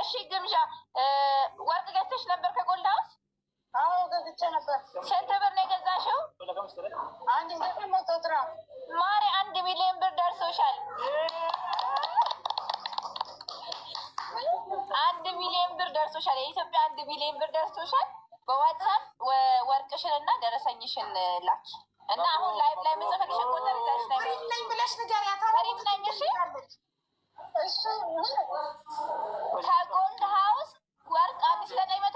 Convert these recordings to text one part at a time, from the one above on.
እሺ፣ ግምዣ ወርቅ ገዝተሽ ነበር ከጎልድ ሀውስ? አዎ ገዝቼ ነበር። ስንት ብር ነው የገዛሽው? አንድ ዘጠኝ መቶ ጥራ ማሪ፣ አንድ ሚሊዮን ብር ደርሶሻል። አንድ ሚሊዮን ብር ደርሶሻል። የኢትዮጵያ አንድ ሚሊዮን ብር ደርሶሻል። በዋትሳፕ ወርቅሽን እና ደረሰኝሽን ላኪ እና አሁን ላይቭ ላይ መጽፈልሽን ቁጥር ይዛሽ ላይ ብለሽ ንገሪያታ ሪት ላይ ሚሽ ከጎልድ ሀውስ ወርቅ አዲስ ዘጠኝ መቶ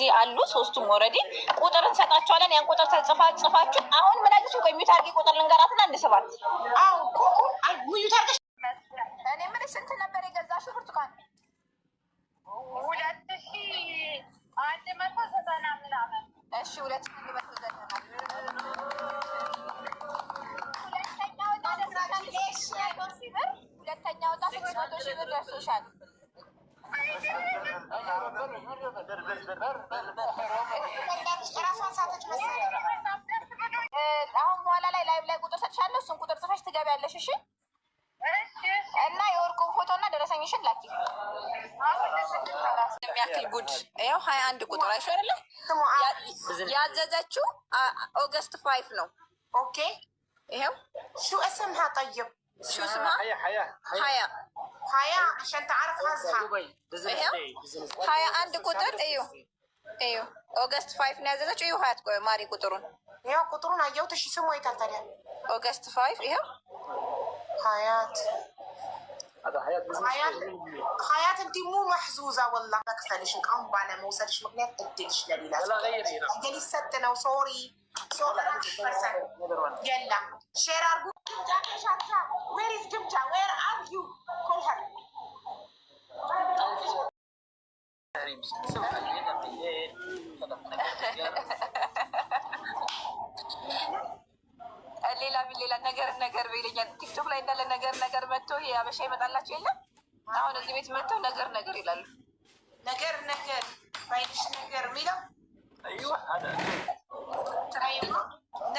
እዚህ አሉ። ሶስቱም ወረዴ ቁጥር እንሰጣቸዋለን። ያን ቁጥር ተጽፋ ጽፋችሁ አሁን ምን አዲስ ቆይ ሚዩት አድርጌ ቁጥር ልንገራትና አንድ ሰባት አዎ ሚዩት አድርገሽ እኔ ምን ስንት ነበር የገዛሽው ብርቱካን? ሁለት ሺ አንድ መቶ ዘጠና ምናምን። እሺ ሁለት ሺ አንድ መቶ ዘጠና ሁለተኛ ወጣ ሁለተኛ መቶ ሺ ብር ደርሶሻል። አሁን በኋላ ላይ ላይቭ ላይ ቁጥር ሰጥሻለሁ። እሱን ቁጥር ጽፈሽ ትገቢያለሽ። እሺ እና የወርቁ ፎቶ እና ደረሰኝሽን ላኪ። የሚያክል ጉድ ይኸው ሀያ አንድ ቁጥር አይሽ አይደለ? ያዘዘችው ኦገስት ፋይቭ ነው። ኦኬ ይኸው ሹ እስም ሀጠይብ شو اسمها؟ حياة حياة حياة حياة عشان تعرف حظها حياة عند قطر ايوه ايوه اوغست 5 نازلت ايوه هات ماري قطرون ايوه قطرون هيوتش اسمه ايه كالتالي اوغست 5 ايوه حياة هذا حياة حياة انت مو محظوظة والله ما كفاليش نقوم بانا ما وصلش مكنات تبدلش لليلة لا غيري انا لي ستنا وسوري سوري يلا شير ارجوك ሌላ ሌላ ነገር ነገር ይለኛል። ቲክቶክ ላይ እንዳለ ነገር ነገር መጥቶ ይሄ አበሻ ይመጣላቸው የለም። አሁን እዚህ ቤት መጥተው ነገር ነገር ይላሉ። ነገር ነገር ባይልሽ ነገር የሚለው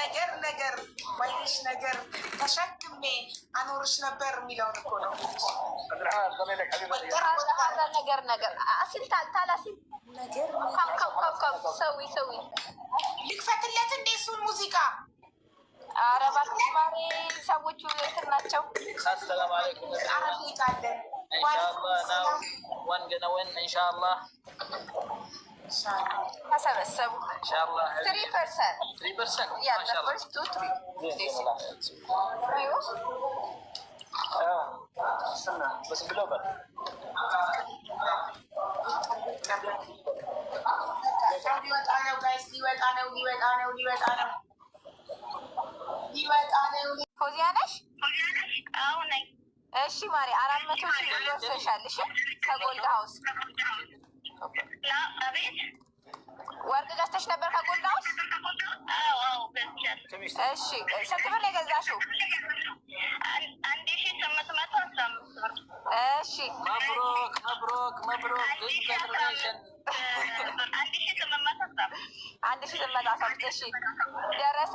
ነገር ነገር ባይሽ ነገር ተሸክሜ አኖርሽ ነበር የሚለውን እኮ ነው። ነገር ነገር ሰዊ ሰዊ ልክፈትለት እንዴ እሱን ሙዚቃ አረባት ማሪ ሰዎቹ እንትን ናቸው። አሰላሙ አለይኩም ኢንሻአላህ ተሰበሰቡ ትሪ ፐርሰንት ያለፈች እሺ ማሪ አራት መቶ ሺህ ደርሰሻል። እሺ ከጎልድ ሀውስ ወርቅ ገዝተሽ ነበር ከጎላ ውስጥ? እሺ፣ ስንት ብር ነው የገዛሽው? እሺ፣ መብሮክ መብሮክ መብሮክ። አንድ ሺ ስምንት መቶ አስራ አምስት እሺ ደረሰ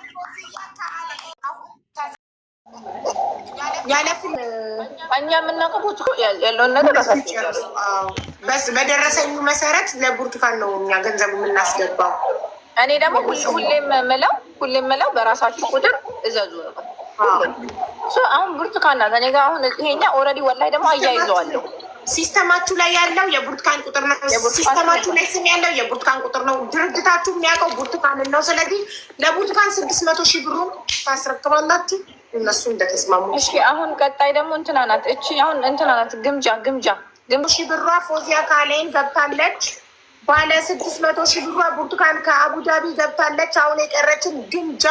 እኛ የምናውቀው ያለውን ነገር በደረሰኙ መሰረት ለብርቱካን ነው እኛ ገንዘቡ የምናስገባው። እኔ ደግሞ ሁሌም ምለው ሁሌም ምለው በራሳችሁ ቁጥር እዘዙ ነው። አሁን ብርቱካን ናት እኔ ጋር አሁን ይሄኛ ኦልሬዲ ወላሂ ደግሞ አያይዘዋለሁ። ሲስተማችሁ ላይ ያለው የብርቱካን ቁጥር ነው። ሲስተማችሁ ላይ ስም ያለው የብርቱካን ቁጥር ነው። ድርጅታችሁ የሚያውቀው ብርቱካን ነው። ስለዚህ ለብርቱካን ስድስት መቶ ሺህ ብሩ ታስረክባላችሁ። እነሱ እንደተስማሙ። እሺ አሁን ቀጣይ ደግሞ እንትና ናት እቺ አሁን እንትና ናት ግምጃ ግምጃ ግም ሺ ብሯ ፎዚያ ካሌን ገብታለች። ባለ ስድስት መቶ ሺ ብሯ ቡርቱካን ከአቡዳቢ ገብታለች። አሁን የቀረችን ግምጃ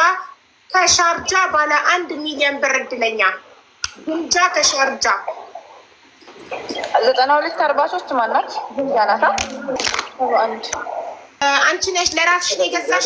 ከሻርጃ ባለ አንድ ሚሊዮን ብር እድለኛ ግምጃ ከሻርጃ ዘጠና ሁለት አርባ ሶስት ማናት ግምጃ ናታ። አንቺ ነሽ ለራስሽ ነው የገዛሽ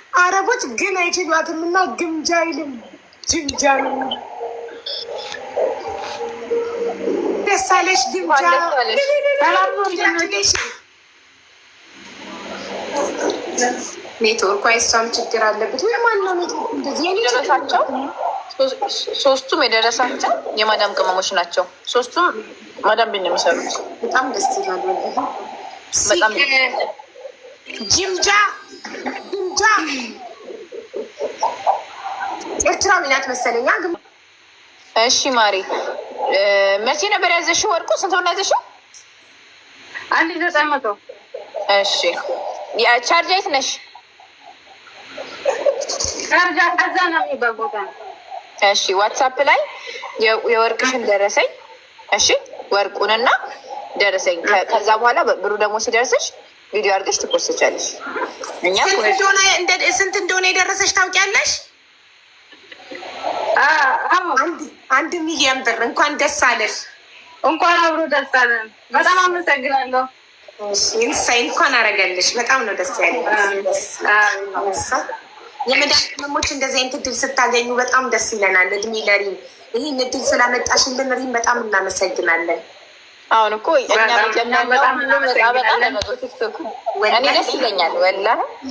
አረቦች ግን አይችሏትም እና ግምጃ ይልም ጅምጃ ነው። ደስ አለሽ ግምጃ። ኔትወርኩ አይሷም ችግር አለበት ወይ? ማነው ኔትወርክ እንደዚህ የደረሳቸው? ሶስቱም የደረሳቸው የማዳም ቅመሞች ናቸው። ሶስቱም ማዳም ቤት ነው የሚሰሩት። በጣም ደስ ይላል። ጅምጃ እንጃ ኤርትራዊ ናት መሰለኛ። እሺ ማሪ፣ መቼ ነበር ያዘሽ ወርቁ? ስንት ብር ነው አንድ ዘጠኝ መቶ እሺ። ቻርጅ ነሽ? ቻርጅ ነው የሚባል ቦታ እሺ፣ ዋትሳፕ ላይ የወርቅሽን ደረሰኝ። እሺ፣ ወርቁንና ደረሰኝ። ከዛ በኋላ ብሩ ደግሞ ሲደርስሽ ቪዲዮ አድርገሽ ትኮስቻለሽ። እኛ ስንት እንደሆነ የደረሰች ታውቂያለሽ? አንድ ሚሊዮን ብር። እንኳን ደስ አለሽ። እንኳን አብሮ ደስ አለን። በጣም አመሰግናለሁ። እንሳይ እንኳን አረገልሽ። በጣም ነው ደስ ያለ። የመዳን ቅመሞች እንደዚህ አይነት እድል ስታገኙ በጣም ደስ ይለናል። እድሜ ለሪም ይህን እድል ስላመጣሽልን ሪም በጣም እናመሰግናለን። አሁን እኮ እኔ ደስ ይለኛል። ወላ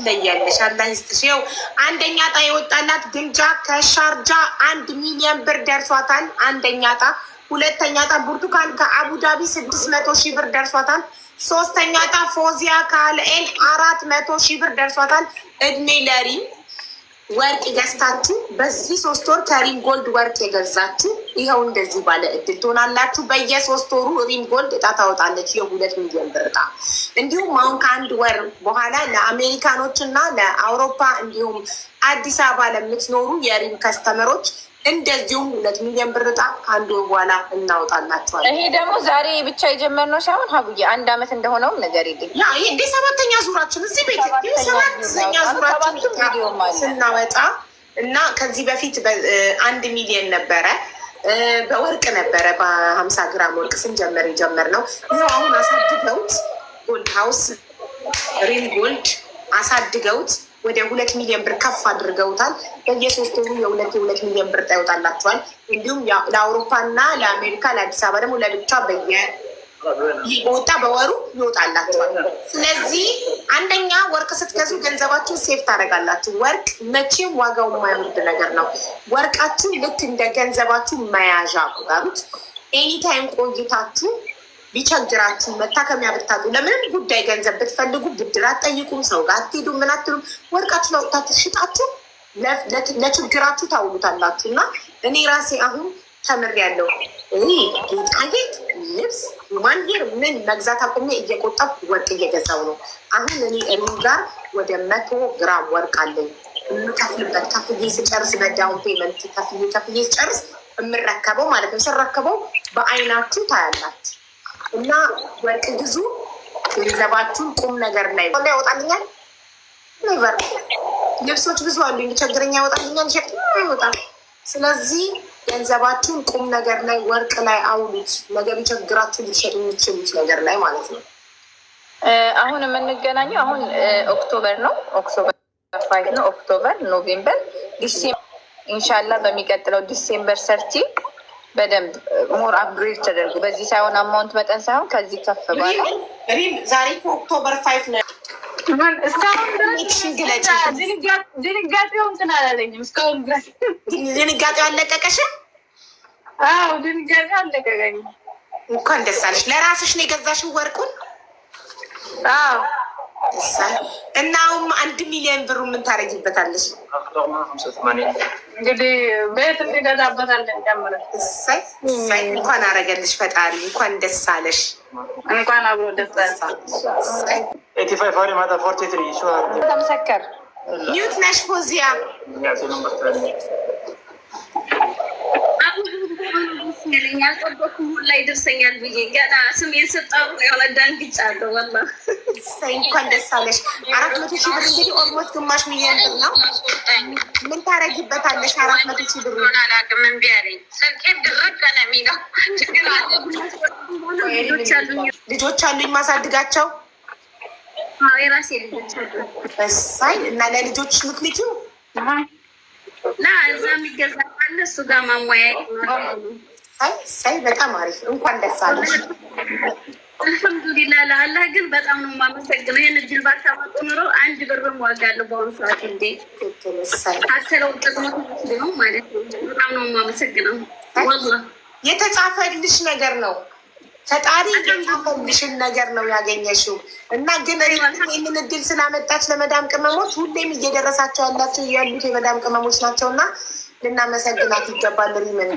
ለያለሽ አላ ይስጥሽ። ይኸው አንደኛ ጣ የወጣላት ግምጃ ከሻርጃ አንድ ሚሊዮን ብር ደርሷታል። አንደኛ ዕጣ። ሁለተኛ ዕጣ ብርቱካን ከአቡዳቢ ስድስት መቶ ሺህ ብር ደርሷታል። ሶስተኛ ዕጣ ፎዚያ ከአልኤል አራት መቶ ሺህ ብር ደርሷታል። እድሜ ለሪም ወርቅ ገዝታችሁ በዚህ ሶስት ወር ከሪም ጎልድ ወርቅ የገዛችሁ ይኸው እንደዚህ ባለ እድል ትሆናላችሁ። በየሶስት ወሩ ሪም ጎልድ እጣ ታወጣለች የሁለት ሚሊዮን ብር እጣ። እንዲሁም አሁን ከአንድ ወር በኋላ ለአሜሪካኖች እና ለአውሮፓ እንዲሁም አዲስ አበባ ለምትኖሩ የሪም ከስተመሮች እንደዚሁም ሁለት ሚሊዮን ብር ዕጣ አንድ ወር በኋላ እናወጣላቸዋለን። ይሄ ደግሞ ዛሬ ብቻ የጀመርነው ሳይሆን ሀቡዬ አንድ አመት እንደሆነውም ነገር የለኝም። ይሄ እንደ ሰባተኛ ዙራችን እዚህ ቤት ሰባተኛ ዙራችን ስናወጣ እና ከዚህ በፊት አንድ ሚሊዮን ነበረ በወርቅ ነበረ በሀምሳ ግራም ወርቅ ስንጀምር የጀመርነው ይኸው አሁን አሳድገውት ጎልድ ሀውስ ሪል ጎልድ አሳድገውት ወደ ሁለት ሚሊዮን ብር ከፍ አድርገውታል። በየሶስት ወሩ የሁለት የሁለት ሚሊዮን ብር ዕጣ እንዲሁም ለአውሮፓና ለአሜሪካ ለአዲስ አበባ ደግሞ ለብቻ በየ ወጣ በወሩ ይወጣላቸዋል። ስለዚህ አንደኛ ወርቅ ስትገዙ ገንዘባችሁ ሴፍ ታደርጋላችሁ። ወርቅ መቼም ዋጋው የማይወርድ ነገር ነው። ወርቃችሁ ልክ እንደ ገንዘባችሁ መያዣ ቁጠሩት። ኤኒታይም ቆይታችሁ ቢቸግራችሁ መታከሚያ ብታጡ ለምንም ጉዳይ ገንዘብ ብትፈልጉ ብድር አትጠይቁም፣ ሰው ጋር አትሄዱም፣ ምን አትሉም። ወርቃችሁ ለወቅታችሁ ሽጣችሁ ለችግራችሁ ታውሉታላችሁ። እና እኔ ራሴ አሁን ተምሬያለሁ። ጌጣጌጥ፣ ልብስ፣ ማን ሄር ምን መግዛት አቁሜ እየቆጠብ ወርቅ እየገዛው ነው። አሁን እኔ እኔ ጋር ወደ መቶ ግራም ወርቅ አለኝ የምከፍልበት ከፍዬ ስጨርስ በዳውን ፔመንት ከፍዬ ከፍዬ ስጨርስ የምረከበው ማለት ነው። ስረከበው በአይናችሁ ታያላችሁ። እና ወርቅ ግዙ። ገንዘባችሁን ቁም ነገር ላይ ላ ያወጣልኛል። ኔቨር ልብሶች ብዙ አሉ ችግረኛ ያወጣልኛል፣ ሸ ይወጣል። ስለዚህ ገንዘባችሁን ቁም ነገር ላይ ወርቅ ላይ አውሉት። ነገር ሊቸግራችሁ ሊሸጡ የሚችሉት ነገር ላይ ማለት ነው። አሁን የምንገናኘው አሁን ኦክቶበር ነው። ኦክቶበር ፋይቭ ነው። ኦክቶበር፣ ኖቬምበር፣ ዲሴምበር ኢንሻላ በሚቀጥለው ዲሴምበር ሰርቲ በደንብ ሞር አፕግሬድ ተደርጉ። በዚህ ሳይሆን አማውንት መጠን ሳይሆን ከዚህ ከፍ ባለ ዛሬ ኦክቶበር ፋይቭ ነው። ድንጋጤው እንትን አዎ ድንጋጤው አልለቀቀኝም። እንኳን ደስ አለሽ። ለራስሽ ነው የገዛሽው ወርቁን? አዎ እናውም አንድ ሚሊዮን ብሩ ምን ታደርጊበታለሽ? እንግዲህ ቤት እንገዛበታለን። እንኳን አደረገልሽ ፈጣሪ፣ እንኳን ደስ አለሽ። እንኳን አብሮ ደስ ተመሰከር ኒውት ነሽ ፎዚያ ይለኝ አልጠበኩም። ሁላ ይደርሰኛል ብዬ ገና ስም የሰጠሩ የሆነ ደንግጫለሁ። ወላ እንኳን ደስ አለሽ። አራት መቶ ሺህ ብር እንግዲህ ኦልሞስት ግማሽ ሚሊዮን ብር ነው። ምን ታረጊበታለሽ? አራት መቶ ሺህ ብር አላውቅም። እምቢ አለኝ ስልኬ ድርቅ ነው የሚለው። ልጆች አሉኝ ማሳድጋቸው የራሴ ልጆች አሉ። እና ለልጆች ምክንያቱ ና እዛ የሚገዛ ካለ ጋር ማሟያ ሳይ ሳይ በጣም አሪፍ እንኳን ደስ አለሽ። አልሐምዱሊላህ ለአላህ ግን በጣም ነው የማመሰግነው። ይህን እድል ባታመጡ ኑሮ አንድ ብርም ዋጋ አለው በአሁኑ ሰዓት እንዴ ነው ማለት ነው። በጣም ነው የማመሰግነው። የተጻፈልሽ ነገር ነው ፈጣሪ ነገር ነው ያገኘሽው እና ግን ይህንን እድል ስላመጣች ለመዳም ቅመሞች ሁሌም እየደረሳቸው ያላቸው ያሉት የመዳም ቅመሞች ናቸው እና ልናመሰግናት ይገባል ሪምን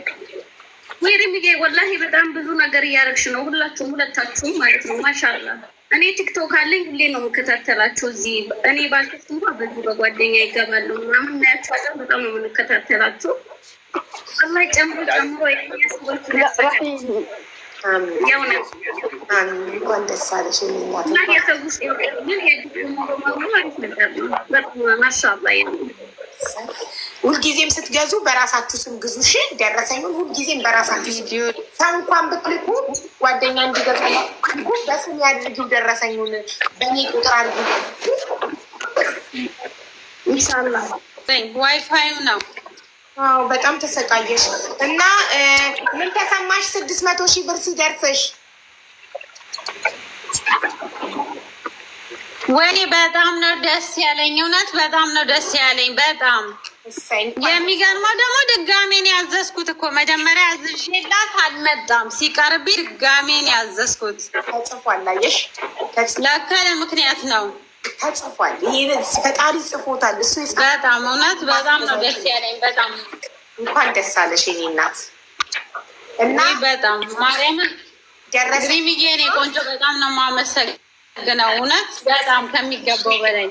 ሄርሚዬ ወላሂ በጣም ብዙ ነገር እያደረግሽ ነው፣ ሁላችሁም ሁለታችሁም ማለት ነው። ማሻላ እኔ ቲክቶክ አለኝ፣ ሁሌ ነው የምከታተላቸው። እዚህ እኔ ባልከፍት እንኳ በዚህ በጓደኛ ይገባለሁ ምናምን እናያቸዋለን። በጣም ነው የምንከታተላቸው። አላህ ጨምሮ ጨምሮ የሚያስቦች እንኳን ደስ ሁልጊዜም ስትገዙ በራሳችሁ ስም ግዙ። ሺ ደረሰኙን ሁልጊዜም በራሳችሁ ስም እንኳን ብትልኩ ጓደኛ እንዲገዛ በስም ያድርጊው። ደረሰኙን በእኔ ቁጥር አድርጊው። ዋይፋዩ ነው አዎ በጣም ተሰቃየሽ እና ምን ተሰማሽ? ስድስት መቶ ሺህ ብር ሲደርስሽ? ወይኔ በጣም ነው ደስ ያለኝ። እውነት በጣም ነው ደስ ያለኝ። በጣም የሚገርመው ደግሞ ድጋሜን ያዘዝኩት እኮ መጀመሪያ ያዝዤላት አልመጣም። ሲቀርብ ድጋሜን ያዘዝኩት ለከለ ምክንያት ነው ተጽፏል። ይሄንን ፈጣሪ ጽፎታል። እሱ በጣም እውነት በጣም ነው ደስ ያለኝ። በጣም እንኳን ደስ አለሽ የኔ እናት እና በጣም ማርያምን ደረሰ ሚጌ እኔ ቆንጆ በጣም ነው የማመሰግነው። እውነት በጣም ከሚገባው በላይ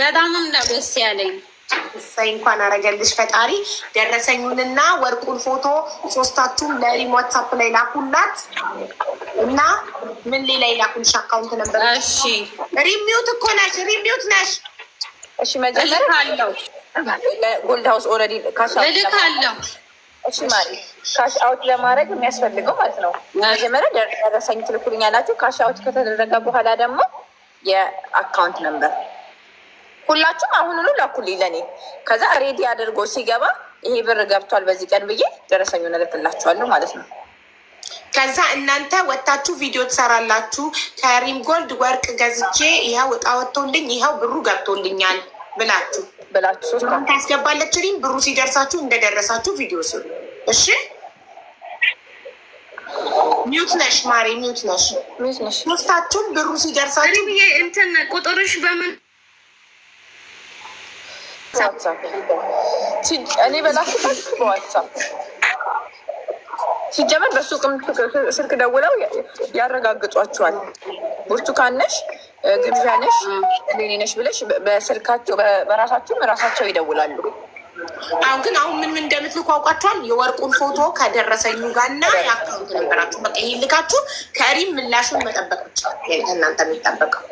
በጣምም ነው ደስ ያለኝ። እሰይ እንኳን አረገልሽ ፈጣሪ። ደረሰኙንና ወርቁን ፎቶ ሶስታችሁም ለሪም ዋትሳፕ ላይ ላኩላት እና ምን ሌላ ይላኩልሽ አካውንት ነበር። እሺ ሪሚዩት እኮ ነሽ፣ ሪሚዩት ነሽ። እሺ መጀመሪያ አለው ጎልድ ሀውስ ኦልሬዲ ካሽ ልክ አለው። እሺ ማሪ ካሽ አውት ለማድረግ የሚያስፈልገው ማለት ነው መጀመሪያ ደረሰኝ ትልኩልኛላችሁ። ካሽ አውት ከተደረገ በኋላ ደግሞ የአካውንት ነበር ሁላችሁም አሁኑኑ ላኩልኝ ለኔ። ከዛ ሬዲ አድርጎ ሲገባ ይሄ ብር ገብቷል በዚህ ቀን ብዬ ደረሰኙ እልክላችኋለሁ ማለት ነው። ከዛ እናንተ ወታችሁ ቪዲዮ ትሰራላችሁ። ከሪም ጎልድ ወርቅ ገዝቼ ይኸው እጣ ወጥቶልኝ ይኸው ብሩ ገብቶልኛል ብላችሁ ብላችሁ ታስገባለች ሪም። ብሩ ሲደርሳችሁ እንደደረሳችሁ ቪዲዮ ስሩ። እሺ ሚዩት ነሽ ማሪ፣ ሚዩት ነሽ። ሶስታችሁም ብሩ ሲደርሳችሁ እንትን ቁጥርሽ በምን እኔ በላኩበት ሲጀመር በሱ ስልክ ደውለው ያረጋግጧቸዋል። ብርቱካን ነሽ፣ ግብዣ ነሽ፣ እኔ ነሽ ብለሽ በስልካቸው በራሳቸውም ራሳቸው ይደውላሉ። አሁን ግን አሁን ምን ምን እንደምትልኩ አውቃችኋል። የወርቁን ፎቶ ከደረሰኙ ጋርና የአካውንት ነበራችሁ በቃ ይልካችሁ ከሪም ምላሹን መጠበቅ ብቻ እናንተ የሚጠበቀው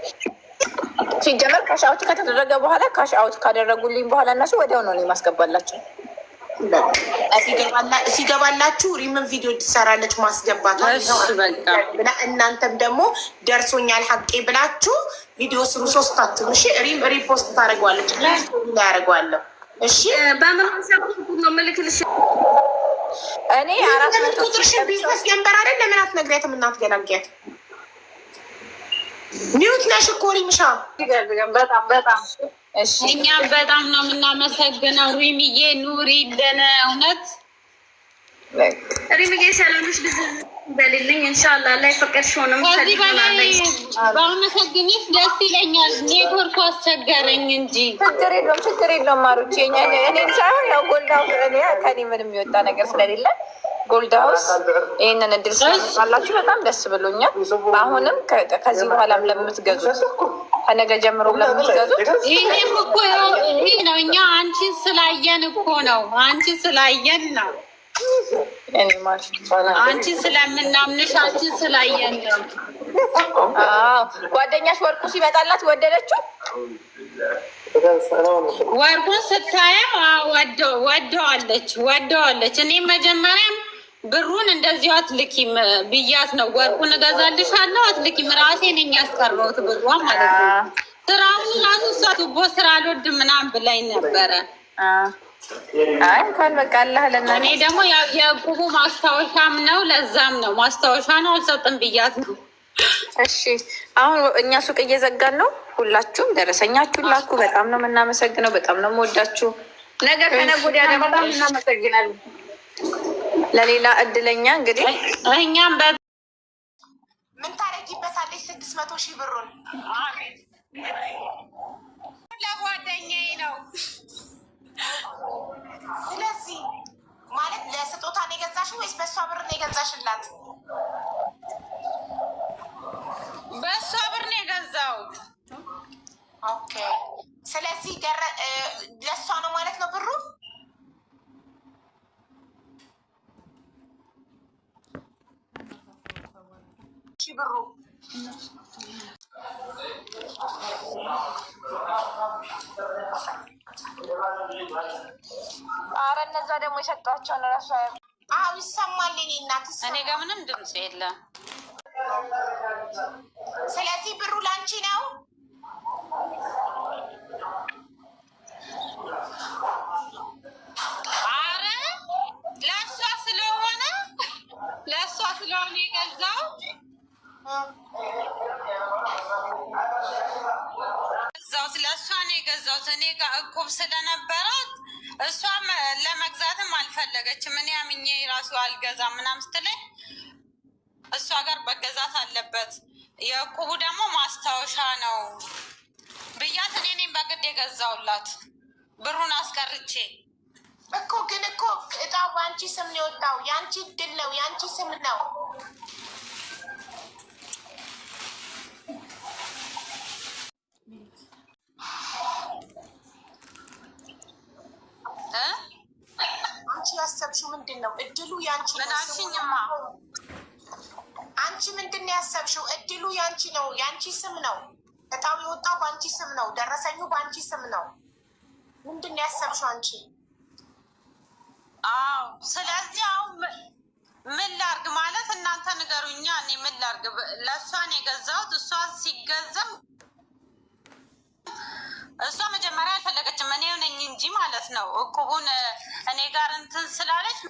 ሲጀመር ካሽ አውት ከተደረገ በኋላ ካሽ አውት ካደረጉልኝ በኋላ እነሱ ወዲያው ነው ማስገባላቸው። ሲገባላችሁ ሪምን ቪዲዮ ትሰራለች ማስገባቷ እናንተም ደግሞ ደርሶኛል ሀቄ ብላችሁ ቪዲዮ ስሩ። ሶስታችሁ እሺ። ሪም ሪፖስት ታደርገዋለች ያደርገዋለሁ። እሺ እኔ አራት ቁጥርሽን ቢዝነስ ጀንበር አይደል ለምን አትነግሪያትም? እናትገላጊያት ሚዩት ነሽ እኮ ሪምሻ። በጣም በጣም እኛም በጣም ነው የምናመሰግነው ሪምዬ፣ ኑሪልን እውነት ሪምዬ ሰላምሽ ብዙ በልልኝ። እንሻላ ላይ ፈቀድሽ ሆነ ከዚህ በላይ ባመሰግንሽ ደስ ይለኛል። ኔትወርኩ አስቸገረኝ እንጂ ችግር የለውም ችግር የለውም። ማሮች ኛ እኔ ሳይሆን ያው ጎልድ ከኔ ምንም የሚወጣ ነገር ስለሌለ ጎልድ ሀውስ ይህንን እድል ስላላችሁ በጣም ደስ ብሎኛል። አሁንም ከዚህ በኋላም ለምትገዙት ከነገ ጀምሮ ለምትገዙት ይህም እኮ ነው እኛ አንቺን ስላየን እኮ ነው አንቺን ስላየን ነው አንቺን ስለምናምንሽ አንቺን ስላየን ጓደኛሽ ወርቁ ሲመጣላት ወደደችው። ወርቁን ስታየው ወደዋለች ወደዋለች። እኔ መጀመሪያም ብሩን እንደዚሁ አትልኪም ብያት ነው ወርቁን እገዛልሻለሁ አትልኪም፣ ራሴ ነኝ ያስቀረውት ብሯ ማለት ነው። ስራውን ራሱ እሷ ትቦ ስራ አልወድም ምናምን ብላኝ ነበረ አይ እንኳን በቃ አላህ ለና እኔ ደግሞ የቁቡ ማስታወሻም ነው፣ ለዛም ነው ማስታወሻ ነው አልሰጥም ብያት ነው። እሺ አሁን እኛ ሱቅ እየዘጋን ነው። ሁላችሁም ደረሰኛችሁን ላኩ። በጣም ነው የምናመሰግነው። በጣም ነው የምወዳችሁ። ነገ ከነገ ወዲያ ደግሞ በጣም እናመሰግናለን። ለሌላ እድለኛ እንግዲህ እኛም በ ምን ታደርጊበታለሽ? ስድስት መቶ ሺህ ብሩን ለጓደኛዬ ነው ስለዚህ ማለት ለስጦታ ነው የገዛሽው ወይስ በእሷ ብር ነው የገዛሽላት? በእሷ ብር ነው የገዛሁት። ኦኬ። ስለዚህ ለእሷ ነው ማለት ነው ብሩ። እሺ ብሩ ከዛ ደግሞ የሰጧቸውን ራሱ አዎ ይሰማል። እናት እኔ ጋ ምንም ድምፅ የለም። ስለዚህ ብሩ ላንቺ ነው። አረ ለእሷ ስለሆነ ለእሷ ስለሆነ የገዛው ነው እኔ ጋ እቁብ ስለነበራት እሷም ለመግዛትም አልፈለገችም። እኔ አምኜ ራሱ አልገዛ ምናምን ስትለኝ እሷ ጋር መገዛት አለበት የዕቁቡ ደግሞ ማስታወሻ ነው ብያት እኔ እኔም በግድ የገዛውላት ብሩን አስቀርቼ እኮ ግን እኮ እጣው በአንቺ ስም ነው የወጣው። የአንቺ ድል ነው፣ የአንቺ ስም ነው። ያሰብሽው ምንድን ነው? እድሉ ያንቺ ነው። አንቺ ምንድን ነው ያሰብሽው? እድሉ ያንቺ ነው። ያንቺ ስም ነው። እጣው የወጣው በአንቺ ስም ነው። ደረሰኙ በአንቺ ስም ነው። ምንድን ነው ያሰብሽው አንቺ? አዎ። ስለዚህ አሁን ምን ላርግ ማለት እናንተ ንገሩኛ። እኔ ምን ላርግ? ለእሷን የገዛሁት እሷ ሲገዛም እሷ መጀመሪያ አልፈለገችም። እኔ ነኝ እንጂ ማለት ነው እቁቡን እኔ ጋር እንትን ስላለች